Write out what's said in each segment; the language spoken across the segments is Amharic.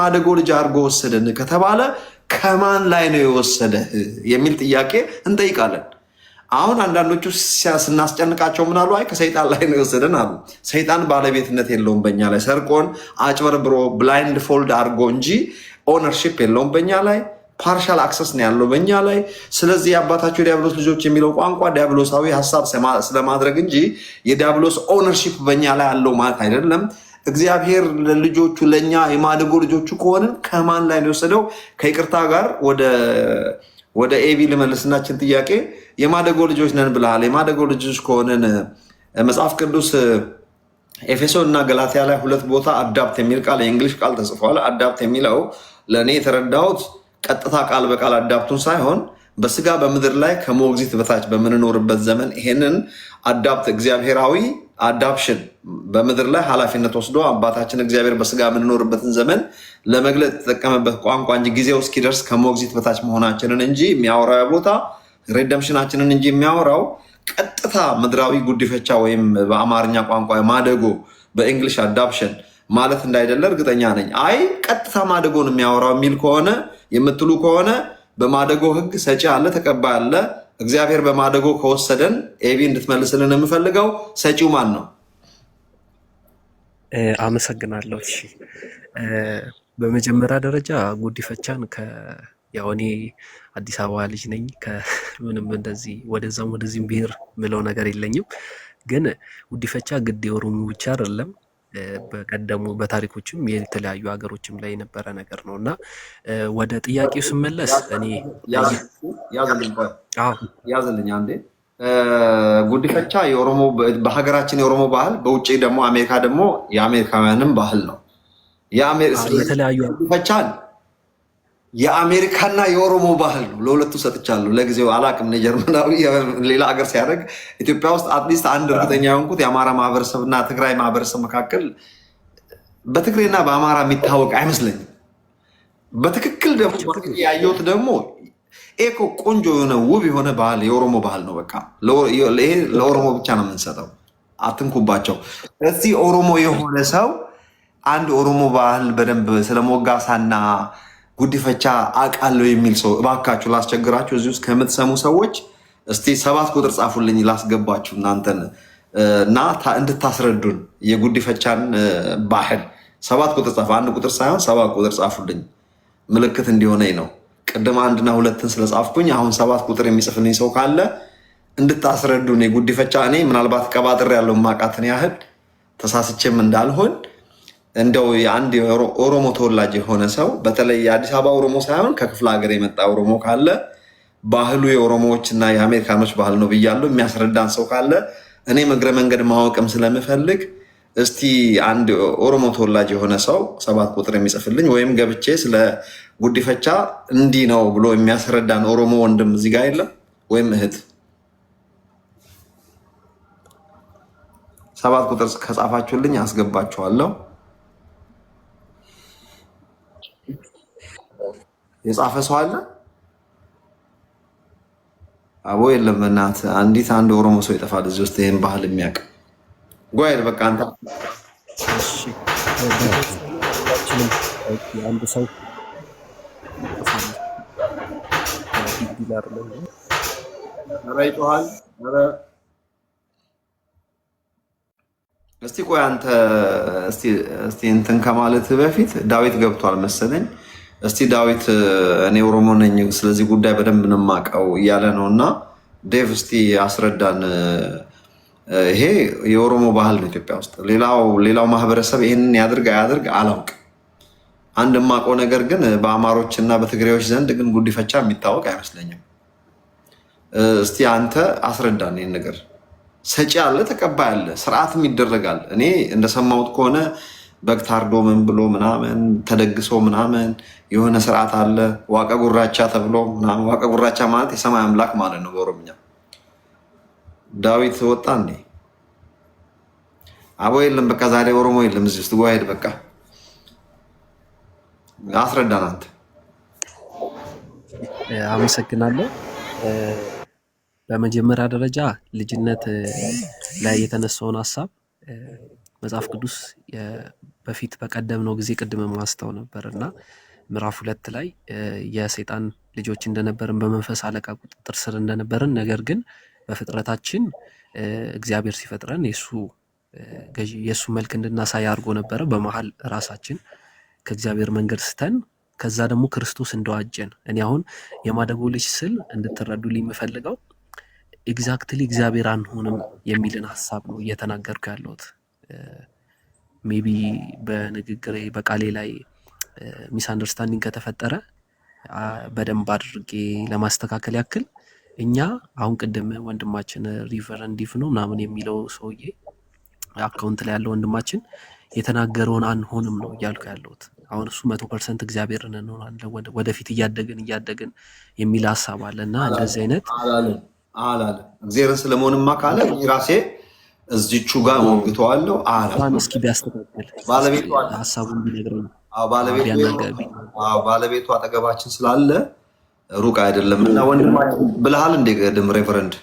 ማደጎ ልጅ አድርጎ ወሰደን ከተባለ ከማን ላይ ነው የወሰደህ የሚል ጥያቄ እንጠይቃለን። አሁን አንዳንዶቹ ስናስጨንቃቸው ምናሉ፣ አይ ከሰይጣን ላይ ነው የወሰደን አሉ። ሰይጣን ባለቤትነት የለውም በኛ ላይ ሰርቆን፣ አጭበርብሮ ብላይንድ ፎልድ አድርጎ እንጂ ኦነርሺፕ የለውም በኛ ላይ ፓርሻል አክሰስ ነው ያለው በኛ ላይ። ስለዚህ የአባታቸው የዲያብሎስ ልጆች የሚለው ቋንቋ ዲያብሎሳዊ ሀሳብ ስለማድረግ እንጂ የዲያብሎስ ኦነርሺፕ በኛ ላይ ያለው ማለት አይደለም። እግዚአብሔር ለልጆቹ ለእኛ የማደጎ ልጆቹ ከሆንን ከማን ላይ ነው የወሰደው? ከይቅርታ ጋር ወደ ኤቢ ልመልስናችን ጥያቄ የማደጎ ልጆች ነን ብለሃል። የማደጎ ልጆች ከሆንን መጽሐፍ ቅዱስ ኤፌሶን እና ገላትያ ላይ ሁለት ቦታ አዳፕት የሚል ቃል የእንግሊሽ ቃል ተጽፏል። አዳፕት የሚለው ለእኔ የተረዳሁት ቀጥታ ቃል በቃል አዳፕቱን ሳይሆን በስጋ በምድር ላይ ከሞግዚት በታች በምንኖርበት ዘመን ይሄንን አዳፕት እግዚአብሔራዊ አዳፕሽን በምድር ላይ ኃላፊነት ወስዶ አባታችን እግዚአብሔር በስጋ የምንኖርበትን ዘመን ለመግለጥ የተጠቀመበት ቋንቋ እንጂ ጊዜው እስኪደርስ ከሞግዚት በታች መሆናችንን እንጂ የሚያወራው ቦታ ሬደምሽናችንን እንጂ የሚያወራው ቀጥታ ምድራዊ ጉዲፈቻ ወይም በአማርኛ ቋንቋ ማደጎ በእንግሊሽ አዳፕሽን ማለት እንዳይደለ እርግጠኛ ነኝ። አይ ቀጥታ ማደጎን የሚያወራው የሚል ከሆነ የምትሉ ከሆነ በማደጎ ህግ ሰጪ አለ፣ ተቀባይ አለ እግዚአብሔር በማደጎ ከወሰደን ኤቢ እንድትመልስልን የምፈልገው ሰጪው ማን ነው? አመሰግናለሁ። እሺ በመጀመሪያ ደረጃ ጉዲፈቻን ያው እኔ አዲስ አበባ ልጅ ነኝ። ከምንም እንደዚህ ወደዛም ወደዚህም ብሄር ምለው ነገር የለኝም። ግን ጉዲፈቻ ግድ የኦሮሞ ብቻ አይደለም በቀደሙ በታሪኮችም የተለያዩ ሀገሮችም ላይ የነበረ ነገር ነው እና ወደ ጥያቄው ስመለስ እኔ ያዘልኝ አንዴ ጉድፈቻ የኦሮሞ በሀገራችን የኦሮሞ ባህል፣ በውጭ ደግሞ አሜሪካ ደግሞ የአሜሪካውያንም ባህል ነው። ጉድፈቻን የአሜሪካና የኦሮሞ ባህል ነው። ለሁለቱ ሰጥቻለሁ። ለጊዜው አላቅም። ጀርመናዊ ሌላ ሀገር ሲያደርግ ኢትዮጵያ ውስጥ አትሊስት አንድ እርግጠኛ የሆንኩት የአማራ ማህበረሰብ እና ትግራይ ማህበረሰብ መካከል በትግሬና በአማራ የሚታወቅ አይመስለኝም። በትክክል ደግሞ ያየሁት ደግሞ ኤኮ ቆንጆ የሆነ ውብ የሆነ ባህል የኦሮሞ ባህል ነው። በቃ ይሄ ለኦሮሞ ብቻ ነው የምንሰጠው። አትንኩባቸው። እዚህ ኦሮሞ የሆነ ሰው አንድ ኦሮሞ ባህል በደንብ ስለሞጋሳና ጉዲፈቻ አውቃለሁ የሚል ሰው እባካችሁ ላስቸግራችሁ፣ እዚህ ውስጥ ከምትሰሙ ሰዎች እስቲ ሰባት ቁጥር ጻፉልኝ ላስገባችሁ እናንተን እና እንድታስረዱን የጉዲፈቻን ባህል ሰባት ቁጥር ጻፉ። አንድ ቁጥር ሳይሆን ሰባት ቁጥር ጻፉልኝ፣ ምልክት እንዲሆነኝ ነው። ቅድም አንድና ሁለትን ስለጻፍኩኝ አሁን ሰባት ቁጥር የሚጽፍልኝ ሰው ካለ እንድታስረዱን የጉዲፈቻ እኔ ምናልባት ቀባጥር ያለው ማቃትን ያህል ተሳስቼም እንዳልሆን እንደው አንድ ኦሮሞ ተወላጅ የሆነ ሰው በተለይ የአዲስ አበባ ኦሮሞ ሳይሆን ከክፍለ ሀገር የመጣ ኦሮሞ ካለ ባህሉ የኦሮሞዎች እና የአሜሪካኖች ባህል ነው ብያለሁ። የሚያስረዳን ሰው ካለ እኔም እግረ መንገድ ማወቅም ስለምፈልግ እስቲ አንድ ኦሮሞ ተወላጅ የሆነ ሰው ሰባት ቁጥር የሚጽፍልኝ ወይም ገብቼ ስለ ጉዲፈቻ እንዲህ ነው ብሎ የሚያስረዳን ኦሮሞ ወንድም እዚህ ጋር የለም ወይም እህት። ሰባት ቁጥር ከጻፋችሁልኝ አስገባችኋለሁ። የጻፈ ሰው አለ? አቦ የለም። በእናት አንዲት አንድ ኦሮሞ ሰው ይጠፋል እዚህ ውስጥ ይህን ባህል የሚያውቅ ጓይል በቃ አንተ አንድ ሰው ይጮሃል። እስቲ ቆይ አንተ እስቲ እንትን ከማለት በፊት ዳዊት ገብቷል መሰለኝ። እስቲ ዳዊት እኔ ኦሮሞ ነኝ ስለዚህ ጉዳይ በደንብ ንማቀው እያለ ነው እና ዴቭ እስቲ አስረዳን። ይሄ የኦሮሞ ባህል ነው ኢትዮጵያ ውስጥ። ሌላው ማህበረሰብ ይህንን ያድርግ አያድርግ አላውቅም። አንድ የማውቀው ነገር ግን በአማሮች እና በትግሬዎች ዘንድ ግን ጉዲፈቻ የሚታወቅ አይመስለኝም። እስቲ አንተ አስረዳን ይህን ነገር። ሰጪ አለ፣ ተቀባይ አለ፣ ስርዓትም ይደረጋል። እኔ እንደሰማሁት ከሆነ በግ ታርዶ ምን ብሎ ምናምን ተደግሶ ምናምን የሆነ ስርዓት አለ። ዋቀ ጉራቻ ተብሎ ምናምን ዋቀ ጉራቻ ማለት የሰማይ አምላክ ማለት ነው በኦሮምኛ። ዳዊት ወጣ እንዴ? አቦ የለም በቃ ዛሬ ኦሮሞ የለም እዚህ ውስጥ ጓሄድ በቃ አስረዳን አንተ። አመሰግናለሁ። በመጀመሪያ ደረጃ ልጅነት ላይ የተነሳውን ሀሳብ መጽሐፍ ቅዱስ በፊት በቀደምነው ጊዜ ቅድመ ማስተው ነበር እና ምዕራፍ ሁለት ላይ የሰይጣን ልጆች እንደነበርን በመንፈስ አለቃ ቁጥጥር ስር እንደነበርን ነገር ግን በፍጥረታችን እግዚአብሔር ሲፈጥረን የሱ ገዢ የእሱ መልክ እንድናሳይ አድርጎ ነበረ። በመሀል ራሳችን ከእግዚአብሔር መንገድ ስተን ከዛ ደግሞ ክርስቶስ እንደዋጀን እኔ አሁን የማደጎ ልጅ ስል እንድትረዱ የምፈልገው ኤግዛክትሊ እግዚአብሔር አንሆንም የሚልን ሀሳብ ነው እየተናገርኩ ያለሁት። ሜቢ በንግግሬ በቃሌ ላይ ሚስ አንደርስታንዲንግ ከተፈጠረ በደንብ አድርጌ ለማስተካከል ያክል እኛ አሁን ቅድም ወንድማችን ሪቨር እንዲፍ ነው ምናምን የሚለው ሰውዬ አካውንት ላይ ያለው ወንድማችን የተናገረውን አንሆንም ነው እያልኩ ያለሁት። አሁን እሱ መቶ ፐርሰንት እግዚአብሔርን እንሆናለን ወደፊት እያደግን እያደግን የሚል ሀሳብ አለ እና እንደዚህ አይነት አላለም። እግዚአብሔርን ስለመሆንማ ካለ ራሴ እዚቹ ቹጋ ሞግተዋለሁ እስኪ ቢያስተካከል ሀሳቡን ቢነግረኝ። ባለቤቱ አጠገባችን ስላለ ሩቅ አይደለም እና ወንድማችን ብልሃል እንደ ቅድም ሬቨረንድ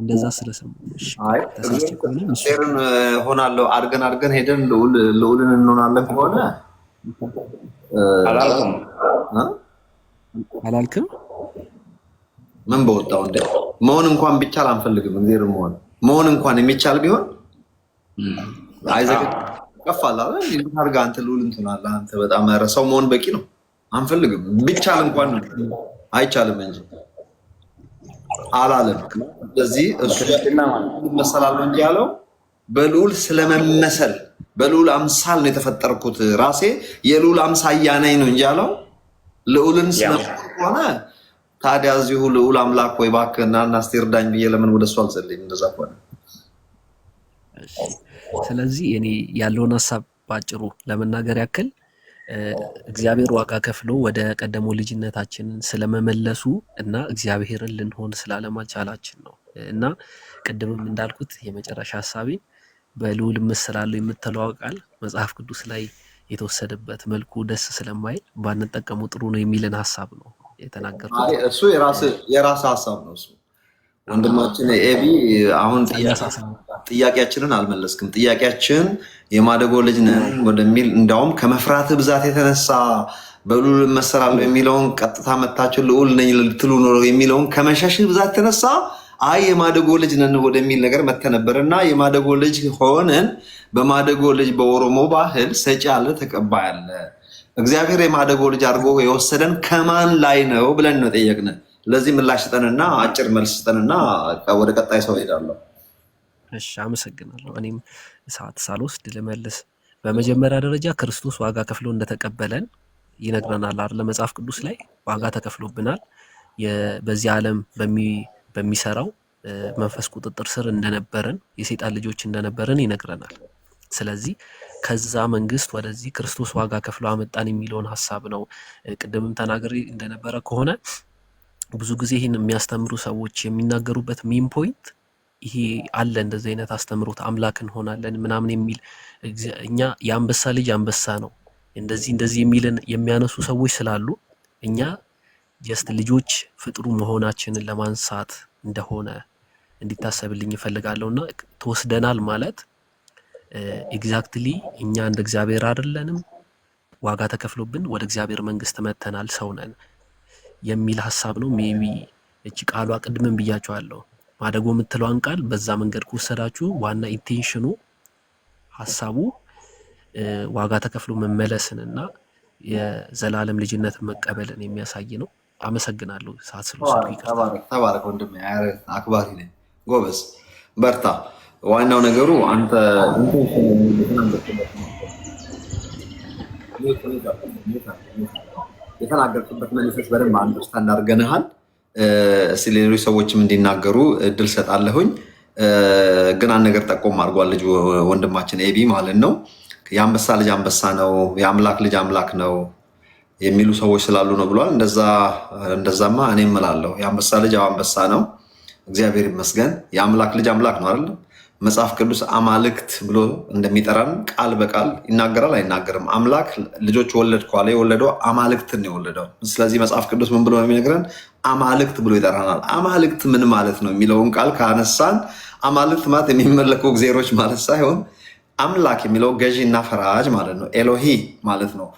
እንደዛ ስለሰማሁሽርን ሆናለሁ አድርገን አድርገን ሄደን ልዑልን እንሆናለን ከሆነ አላልክም ምን በወጣው እንደ መሆን እንኳን ብቻ አንፈልግም እግዜር መሆን መሆን እንኳን የሚቻል ቢሆን አይዘግ ቀፋላ አድርገህ አንተ ልውል እንትናለህ። አንተ በጣም ኧረ ሰው መሆን በቂ ነው። አንፈልግም ብቻል እንኳን ነው አይቻልም እንጂ አላለም። ስለዚህ እሱ መሰላል እንጂ ያለው በልዑል ስለመመሰል በልዑል አምሳል ነው የተፈጠርኩት ራሴ የልዑል አምሳያ ነኝ ነው እንጂ ያለው ልዑልን ስለሆነ ታዲያ እዚሁ ልዑል አምላክ ወይ እባክህ ና እና እስቲ እርዳኝ ብዬ ለምን ወደ እሱ አልጸልይም? እንደዛ ከሆነ ስለዚህ እኔ ያለውን ሀሳብ ባጭሩ ለመናገር ያክል እግዚአብሔር ዋጋ ከፍሎ ወደ ቀደሞ ልጅነታችንን ስለመመለሱ እና እግዚአብሔርን ልንሆን ስላለማልቻላችን ነው። እና ቅድምም እንዳልኩት የመጨረሻ ሀሳቤ በልዑል ምስላለሁ የምትለው ቃል መጽሐፍ ቅዱስ ላይ የተወሰደበት መልኩ ደስ ስለማይል ባንጠቀሙ ጥሩ ነው የሚልን ሀሳብ ነው። የተናገርኩት እሱ የራስ ሀሳብ ነው። እሱ ወንድማችን ኤቢ አሁን ጥያቄያችንን አልመለስክም። ጥያቄያችን የማደጎ ልጅ ነን ወደሚል እንዲያውም ከመፍራት ብዛት የተነሳ በልዑል እመሰላለሁ የሚለውን ቀጥታ መታችሁ ልዑል ነኝ ልትሉ ኖሮ የሚለውን ከመሸሽ ብዛት የተነሳ አይ የማደጎ ልጅ ነን ወደሚል ነገር መተነበር እና የማደጎ ልጅ ሆነን በማደጎ ልጅ በኦሮሞ ባህል ሰጪ አለ፣ ተቀባይ አለ እግዚአብሔር የማደጎ ልጅ አድርጎ የወሰደን ከማን ላይ ነው ብለን ነው ጠየቅን። ለዚህ ምላሽ ስጠንና አጭር መልስ ስጠንና ወደ ቀጣይ ሰው ሄዳለሁ። እሺ፣ አመሰግናለሁ። እኔም ሰዓት ሳልወስድ ልመልስ። በመጀመሪያ ደረጃ ክርስቶስ ዋጋ ከፍሎ እንደተቀበለን ይነግረናል አይደለ? መጽሐፍ ቅዱስ ላይ ዋጋ ተከፍሎብናል፣ በዚህ ዓለም በሚሰራው መንፈስ ቁጥጥር ስር እንደነበርን የሴጣን ልጆች እንደነበርን ይነግረናል። ስለዚህ ከዛ መንግስት ወደዚህ ክርስቶስ ዋጋ ከፍሎ አመጣን የሚለውን ሀሳብ ነው። ቅድምም ተናግሬ እንደነበረ ከሆነ ብዙ ጊዜ ይህን የሚያስተምሩ ሰዎች የሚናገሩበት ሜን ፖይንት ይሄ አለ እንደዚህ አይነት አስተምሮት አምላክ እንሆናለን ምናምን የሚል እኛ የአንበሳ ልጅ አንበሳ ነው እንደዚህ እንደዚህ የሚልን የሚያነሱ ሰዎች ስላሉ እኛ ጀስት ልጆች ፍጥሩ መሆናችንን ለማንሳት እንደሆነ እንዲታሰብልኝ ይፈልጋለሁ እና ተወስደናል ማለት ኤግዛክትሊ እኛ እንደ እግዚአብሔር አይደለንም፣ ዋጋ ተከፍሎብን ወደ እግዚአብሔር መንግስት መተናል፣ ሰው ነን የሚል ሀሳብ ነው። ሜቢ እቺ ቃሏ ቅድምን ብያቸዋለሁ፣ ማደጎ የምትለዋን ቃል በዛ መንገድ ከወሰዳችሁ ዋና ኢንቴንሽኑ ሀሳቡ ዋጋ ተከፍሎ መመለስን እና የዘላለም ልጅነት መቀበልን የሚያሳይ ነው። አመሰግናለሁ። ሰዓት ስለወሰድኩ ይቅርታ። ተባረክ ወንድሜ፣ አክባሪ ነኝ። ጎበዝ፣ በርታ። ዋናው ነገሩ አንተ የተናገርክበት መልሶች በደንብ አንደርስታንድ አድርገንሃል። ሌሎች ሰዎችም እንዲናገሩ እድል ሰጣለሁኝ። ግን አንድ ነገር ጠቆም አድርጓል ልጅ ወንድማችን ኤቢ ማለት ነው። የአንበሳ ልጅ አንበሳ ነው፣ የአምላክ ልጅ አምላክ ነው የሚሉ ሰዎች ስላሉ ነው ብሏል። እንደዛማ እኔ እምላለሁ የአንበሳ ልጅ አንበሳ ነው፣ እግዚአብሔር ይመስገን። የአምላክ ልጅ አምላክ ነው አይደለም መጽሐፍ ቅዱስ አማልክት ብሎ እንደሚጠራን ቃል በቃል ይናገራል አይናገርም? አምላክ ልጆች ወለድ ከኋላ የወለደው አማልክትን ነው የወለደው። ስለዚህ መጽሐፍ ቅዱስ ምን ብሎ የሚነግረን? አማልክት ብሎ ይጠራናል። አማልክት ምን ማለት ነው የሚለውን ቃል ካነሳን አማልክት ማለት የሚመለኩ እግዜሮች ማለት ሳይሆን አምላክ የሚለው ገዢ እና ፈራጅ ማለት ነው። ኤሎሂ ማለት ነው።